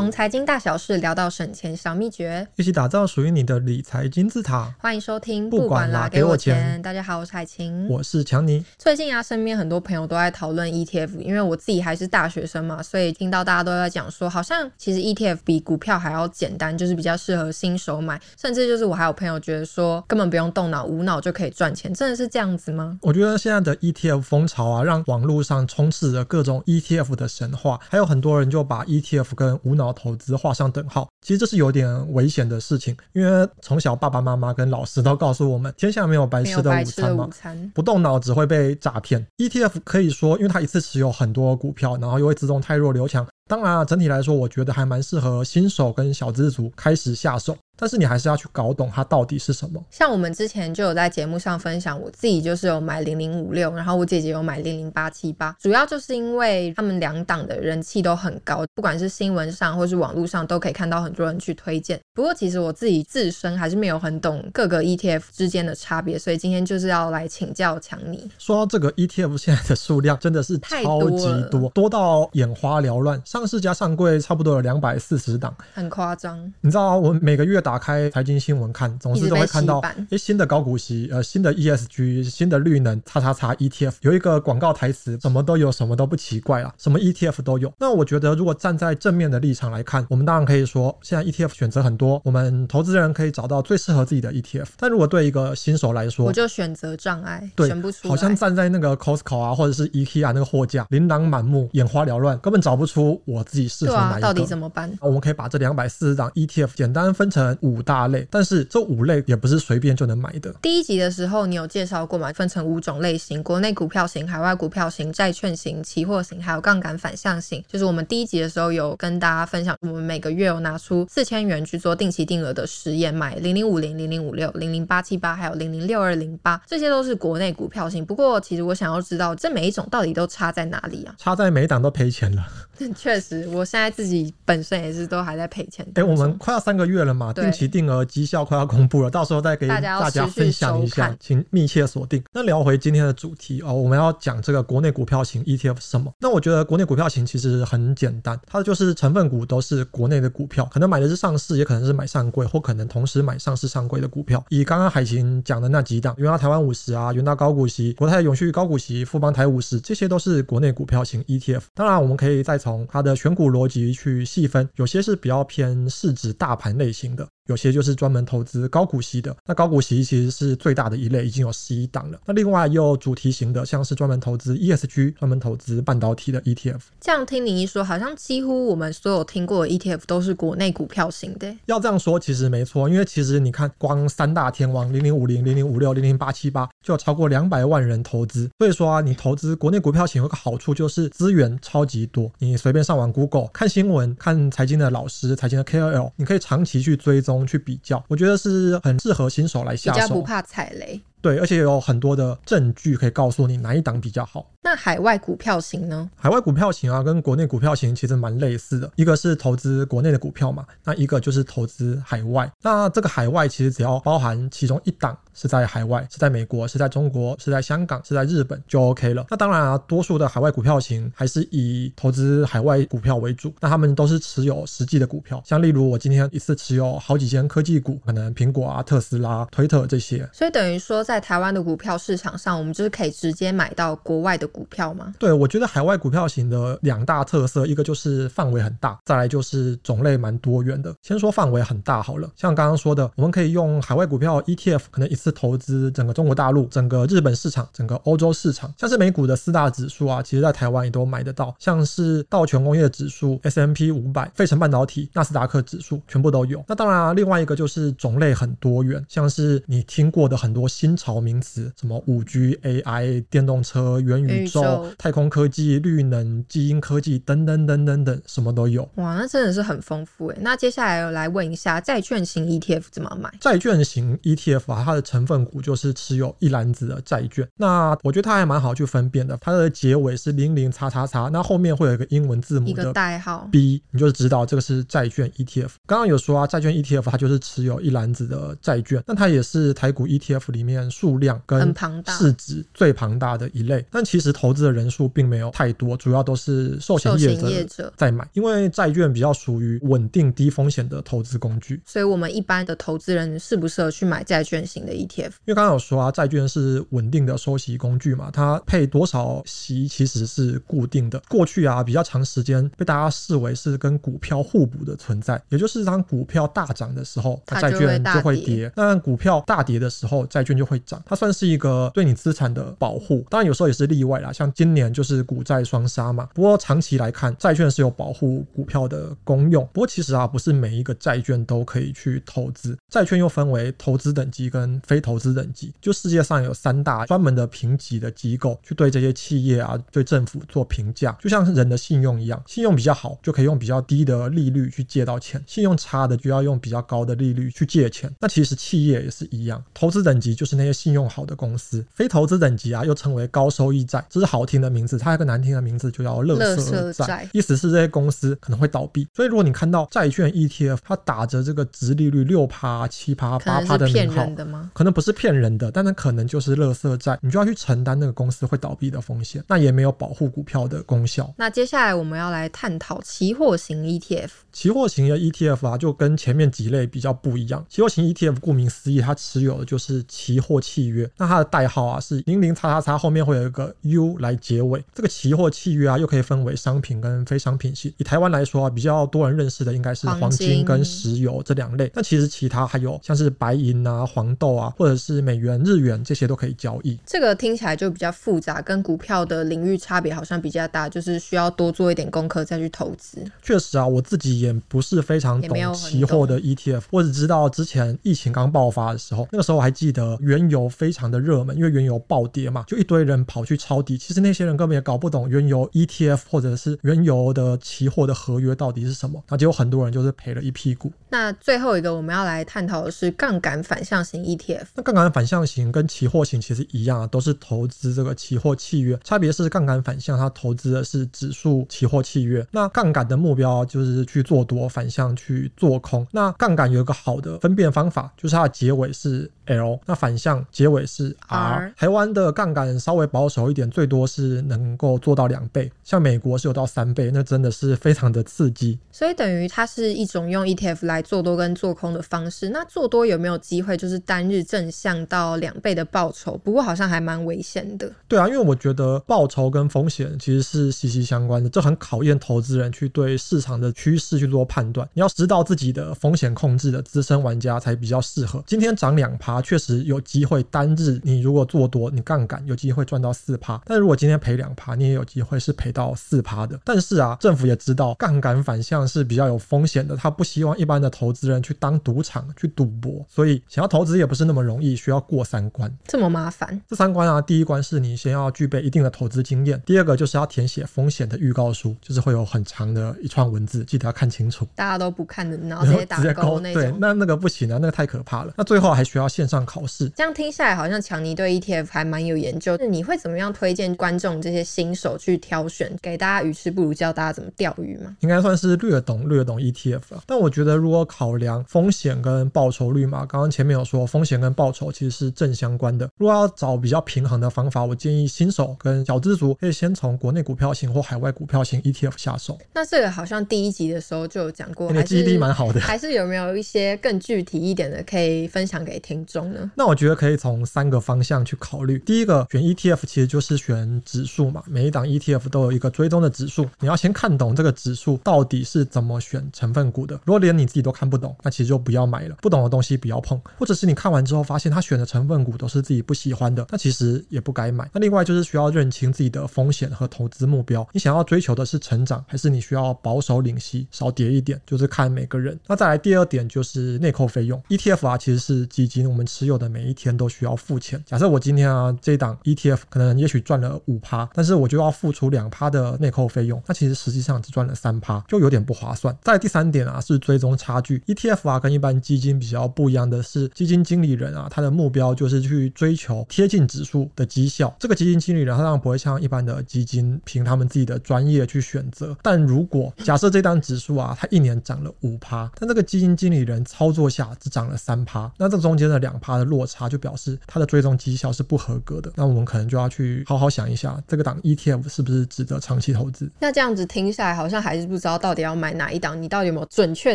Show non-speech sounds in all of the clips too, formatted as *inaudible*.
從財經大小事聊到省錢小秘訣，一起打造屬於你的理財金字塔。歡迎收聽，不管啦，給我錢！大家好，我是海晴，我是強尼。最近啊，身邊很多朋友都在討論 ETF，因為我自己還是大學生嘛，所以聽到大家都在講說，好像其實 ETF 比股票還要簡單，就是比較適合新手買。甚至就是我還有朋友覺得說，根本不用動腦，無腦就可以賺錢，真的是這樣子嗎？我覺得現在的 ETF 風潮啊，讓網絡上充斥着各種 ETF 的神話，還有很多人就把 ETF 跟無腦投資畫上等號，其實這是有點危險的事情，因為從小爸爸媽媽跟老師都告訴我們，天下沒有白吃的午餐嘛，餐不動腦只會被詐騙。ETF 可以說，因為它一次持有很多股票，然後又會自動汰弱留強，當然整體來說，我覺得還蠻適合新手跟小資族開始下手。但是你還是要去搞懂它到底是什麼。像我們之前就有在節目上分享，我自己就是有買0056，然後我姐姐有買00878，主要就是因為他們兩檔的人氣都很高，不管是新聞上或是網絡上都可以看到很多人去推薦。不過其實我自己自身還是沒有很懂各個 ETF 之間的差別，所以今天就是要來請教強尼。說到這個 ETF 現在的數量真的是超級多，多，多到眼花繚亂，上市加上櫃差不多有兩百四十檔，很誇張。你知道我每個月打。打開財經新聞看，總是都會看到誒新的高股息、呃新的 ESG、新的綠能、叉叉叉 ETF，有一個廣告台詞，什麼都有，什麼都不奇怪啊，什麼 ETF 都有。那我覺得，如果站在正面的立場來看，我們當然可以說，現在 ETF 選擇很多，我們投資人可以找到最適合自己的 ETF。但如果對一個新手來說，我就選擇障礙，對，選不出來，好像站在那個 Costco 啊，或者是 IKEA 那個貨架，琳琅滿目，眼花繚亂，根本找不出我自己適合哪一個。啊，到底怎麼辦？我們可以把這兩百四十檔 ETF 簡單分成五大類，但是這五類也不是隨便就能買的。第一集的時候，你有介紹過嗎？分成五種類型：國內股票型、海外股票型、債券型、期貨型，還有槓桿反向型。就是我們第一集的時候有跟大家分享，我們每個月有拿出四千元去做定期定額的實驗，買零零五零、零零五六、零零八七八，還有零零六二零八，這些都是國內股票型。不過，其實我想要知道，這每一種到底都差在哪裡啊？差在每一檔都賠錢了。確實，我現在自己本身也是都還在賠錢。哎、欸，我們快要三個月了嘛。定期定額績效快要公布了，到時候再給大家分享一下，請密切鎖定。那聊回今天的主題哦，我們要講這個國內股票型 ETF 是什麼？那我覺得國內股票型其實很簡單，它的就是成分股都是國內的股票，可能買的是上市，也可能是買上櫃，或可能同時買上市上櫃的股票。以剛剛海晴講的那幾檔，元大台灣五十啊，元大高股息、國泰永續高股息、富邦台五十，這些都是國內股票型 ETF。當然，我們可以再從它的選股邏輯去細分，有些是比較偏市值大盤類型的。有些就是專門投資高股息的，那高股息其實是最大的一類，已經有十一檔了。那另外又主題型的，像是專門投資 ESG、專門投資半導體的 ETF。這樣聽你一說，好像幾乎我們所有聽過的 ETF 都是國內股票型的。要這樣說其實沒錯，因為其實你看，光三大天王零零五零、零零五六、零零八七八，就有超過兩百萬人投資。所以說啊，你投資國內股票型有個好處就是資源超級多，你隨便上網 Google 看新聞、看財經的老師、財經的 KOL，你可以長期去追。中去比較，我覺得是很適合新手來下手，不怕踩雷。對，而且也有很多的證據可以告訴你哪一檔比較好。那海外股票型呢？海外股票型啊，跟國內股票型其實蠻類似的，一個是投資國內的股票嘛，那一個就是投資海外。那這個海外其實只要包含其中一檔是在海外，是在美國，是在中國，是在香港，是在日本，就 OK 了。那當然啊，多數的海外股票型還是以投資海外股票為主。那他們都是持有實際的股票，像例如我今天一次持有好幾間科技股，可能蘋果啊、特斯拉、推特這些。所以等於說。在台灣的股票市場上，我們就是可以直接買到國外的股票嗎？對，我覺得海外股票型的兩大特色，一個就是範圍很大，再來就是種類蠻多元的。先說範圍很大好了，像剛剛說的，我們可以用海外股票 ETF，可能一次投資整個中國大陸、整個日本市場、整個歐洲市場，像是美股的四大指數啊，其實在台灣也都買得到，像是道瓊工業指數、S&P 500、費城半導體、納斯達克指數，全部都有。那當然啊，另外一個就是種類很多元，像是你聽過的很多新。潮名詞什麼 5G、AI、電動車、元宇宙、宇宙、太空科技、綠能、基因科技等等等等等、等，什麼都有哇！那真的是很豐富誒、欸。那接下來我來問一下，債券型 ETF 怎麼買？債券型 ETF 啊，它的成分股就是持有一籃子的債券。那我覺得它還蠻好去分辨的，它的結尾是零零叉叉叉，那後面會有一個英文字母的 B，一個代號 B，你就知道這個是債券 ETF。剛剛有說啊，債券 ETF 它就是持有一籃子的債券，那它也是台股 ETF 裡面。數量跟市值最龐大的一類，但其實投資的人數並沒有太多，主要都是壽險業者在買，因為債券比較屬於穩定低風險的投資工具，所以我們一般的投資人適不適合去買債券型的 ETF？因為剛剛有說啊，債券是穩定的收息工具嘛，它配多少息其實是固定的。過去啊，比較長時間被大家視為是跟股票互補的存在，也就是當股票大漲的時候，債券就會跌，但股票大跌的時候，債券就會跌。它算是一個對你資產的保護，當然有時候也是例外啦，像今年就是股債雙殺嘛。不過長期來看，債券是有保護股票的功用。不過其實啊，不是每一個債券都可以去投資。債券又分為投資等級跟非投資等級。就世界上有三大專門的評級的機構，去對這些企業啊、對政府做評價，就像是人的信用一樣，信用比較好就可以用比較低的利率去借到錢，信用差的就要用比較高的利率去借錢。那其實企業也是一樣，投資等級就是那。信用好的公司，非投資等級啊，又稱為高收益債，這是好聽的名字。它還有個難聽的名字，就叫垃圾“樂色債”，意思是這些公司可能會倒閉。所以，如果你看到債券 ETF，它打着這個“殖利率六趴、七趴、八趴”的名號，可能，是可能不是騙人的，但它可能就是“樂色債”，你就要去承擔那個公司會倒閉的風險，那也沒有保護股票的功效。那接下來我們要來探討期貨型 ETF。期貨型的 ETF 啊，就跟前面幾類比較不一樣。期貨型 ETF 顧名思義，它持有的就是期貨。貨契約，那它的代號啊是零零叉叉叉後面會有一個 U 來結尾。這個期貨契約啊，又可以分為商品跟非商品系。以台灣來說啊，比較多人認識的應該是黃金跟石油這兩類。那其實其他還有像是白銀啊、黃豆啊，或者是美元、日元這些都可以交易。這個聽起來就比較複雜，跟股票的領域差別好像比較大，就是需要多做一點功課再去投資。確實啊，我自己也不是非常懂期貨的 ETF，我只知道之前疫情剛爆發的時候，那個時候我還記得原原油非常的熱門，因為原油暴跌嘛，就一堆人跑去抄底。其實那些人根本也搞不懂原油 ETF 或者是原油的期貨的合約到底是什麼，那結果很多人就是賠了一屁股。那最後一個我們要來探討的是槓桿反向型 ETF。那槓桿反向型跟期貨型其實一樣啊，都是投資這個期貨契約，差別是槓桿反向，它投資的是指數期貨契約。那槓桿的目標就是去做多，反向去做空。那槓桿有一個好的分辨方法，就是它的結尾是 L。那反向像結尾是 R, R，台灣的槓桿稍微保守一點，最多是能夠做到兩倍。像美國是有到三倍，那真的是非常的刺激。所以等於它是一種用 ETF 來做多跟做空的方式。那做多有沒有機會，就是單日正向到兩倍的報酬？不過好像還蠻危險的。對啊，因為我覺得報酬跟風險其實是息息相關的，這很考驗投資人去對市場的趨勢去做判斷。你要知道自己的風險控制的資深玩家才比較適合。今天漲兩趴，確實有機。機會單日，你如果做多，你槓桿有機會賺到四趴；但是如果今天賠兩趴，你也有機會是賠到四趴的。但是啊，政府也知道槓桿反向是比較有風險的，他不希望一般的投資人去當賭場去賭博，所以想要投資也不是那麼容易，需要過三關。這麼麻煩？這三關啊，第一關是你先要具備一定的投資經驗，第二個就是要填寫風險的預告書，就是會有很長的一串文字，記得要看清楚。大家都不看的，然後直接勾，勾那種。對，那那個不行啊，那個太可怕了。那最後還需要線上考試。聽下來好像強尼對 ETF 還蠻有研究，那你會怎麼樣推薦觀眾這些新手去挑選？給大家魚吃不如教大家怎麼釣魚嗎？應該算是略懂略懂 ETF 了，但我覺得如果考量風險跟報酬率嘛，剛剛前面有說風險跟報酬其實是正相關的。如果要找比較平衡的方法，我建議新手跟小資族可以先從國內股票型或海外股票型 ETF 下手。那這個好像第一集的時候就有講過，欸，你的記憶力蠻好的。還是有沒有一些更具體一點的可以分享給聽眾呢？那我覺得。可以從三個方向去考慮。第一個，選 ETF 其實就是選指數嘛，每一檔 ETF 都有一個追蹤的指數，你要先看懂這個指數到底是怎麼選成分股的。如果連你自己都看不懂，那其實就不要買了，不懂的東西不要碰。或者是你看完之後發現他選的成分股都是自己不喜歡的，那其實也不該買。那另外就是需要認清自己的風險和投資目標，你想要追求的是成長，還是你需要保守領息少跌一點，就是看每個人。那再來第二點就是內扣費用，ETF 啊其實是基金，我們持有的每一天，都需要付錢。假設我今天啊這一檔 ETF 可能也許賺了五趴，但是我就要付出兩趴的內扣費用，那其實實際上只賺了三趴，就有點不划算。再第三點啊是追蹤差距，ETF 啊跟一般基金比較不一樣的是，基金經理人啊他的目標就是去追求貼近指數的績效。這個基金經理人他當然不會像一般的基金憑他們自己的專業去選擇，但如果假設這檔指數啊它一年漲了五趴，但這個基金經理人操作下只漲了三趴，那這中間的兩趴的落差就表示他的追蹤績效是不合格的，那我們可能就要去好好想一下，這個檔 ETF 是不是值得長期投資？那這樣子聽下來，好像還是不知道到底要買哪一檔。你到底有沒有準確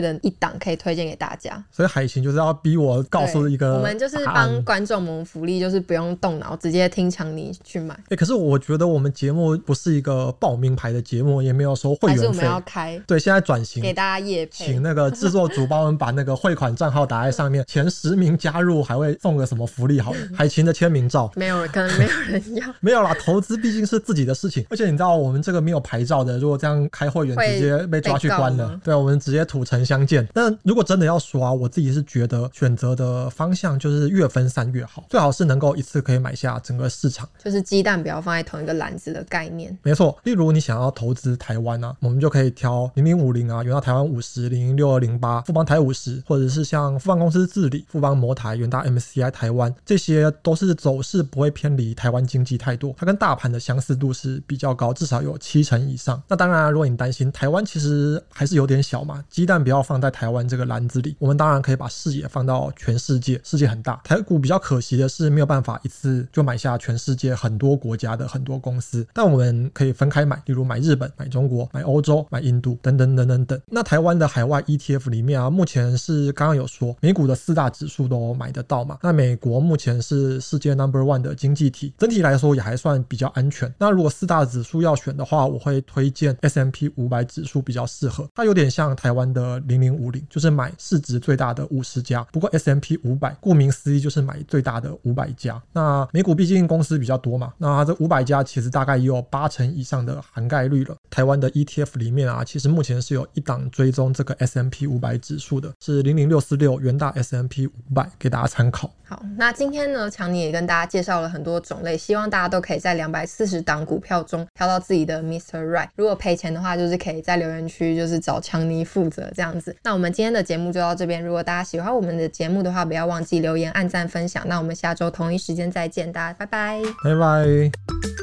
的一檔可以推薦給大家？所以海晴就是要逼我告訴一個，我們就是幫觀眾謀福利，就是不用動腦，直接聽強尼去買。哎、欸，可是我覺得我們節目不是一個報名牌的節目，也沒有說會員費，我們要開對，現在轉型給大家業配，請那個製作組幫我們把那個匯款賬號打在上面， *laughs* 前十名加入還會送個什麼？福利好還，海晴的簽名照沒有？可能沒有人要。 *laughs* 沒有啦。投資畢竟是自己的事情，而且你知道我們這個沒有牌照的，如果這樣開會員，直接被抓去關了，對，我們直接土城相見。但如果真的要說、啊，我自己是覺得選擇的方向就是越分散越好，最好是能夠一次可以買下整個市場，就是雞蛋不要放在同一個籃子的概念。沒錯，例如你想要投資台灣呢、啊，我們就可以挑零零五零啊，元大台灣五十零零六二零八富邦台五十，或者是像富邦公司治理、富邦摩台、元大 M C I 台灣。這些都是走勢不會偏離台灣經濟太多，它跟大盤的相似度是比較高，至少有七成以上。那當然啊，如果你擔心台灣其實還是有點小嘛，雞蛋不要放在台灣這個籃子裡。我們當然可以把視野放到全世界，世界很大。台股比較可惜的是，沒有辦法一次就買下全世界很多國家的很多公司，但我們可以分開買，例如買日本、買中國、買歐洲、買印度等等等等等等。那台灣的海外 ETF 裡面啊，目前是剛剛有說，美股的四大指數都買得到嘛。那美國國目前是世界 number one 的經濟體，整體來說也還算比較安全。那如果四大指數要選的話，我會推薦 S&P 五百指數比較適合。它有點像台灣的零零五零，就是買市值最大的五十家。不過 S&P 五百顧名思義就是買最大的五百家。那美股畢竟公司比較多嘛，那這五百家其實大概也有八成以上的涵蓋率了。台灣的 E T F 裡面啊，其實目前是有一檔追蹤這個 S&P 五百指數的，是零零六四六元大 S&P 五百，給大家參考。好。那今天呢，強尼也跟大家介紹了很多種類，希望大家都可以在兩百四十檔股票中挑到自己的 Mr. Right。如果賠錢的話，就是可以在留言區就是找強尼負責這樣子。那我們今天的節目就到這邊，如果大家喜歡我們的節目的話，不要忘記留言、按讚、分享。那我們下周同一時間再見，大家拜拜，拜拜。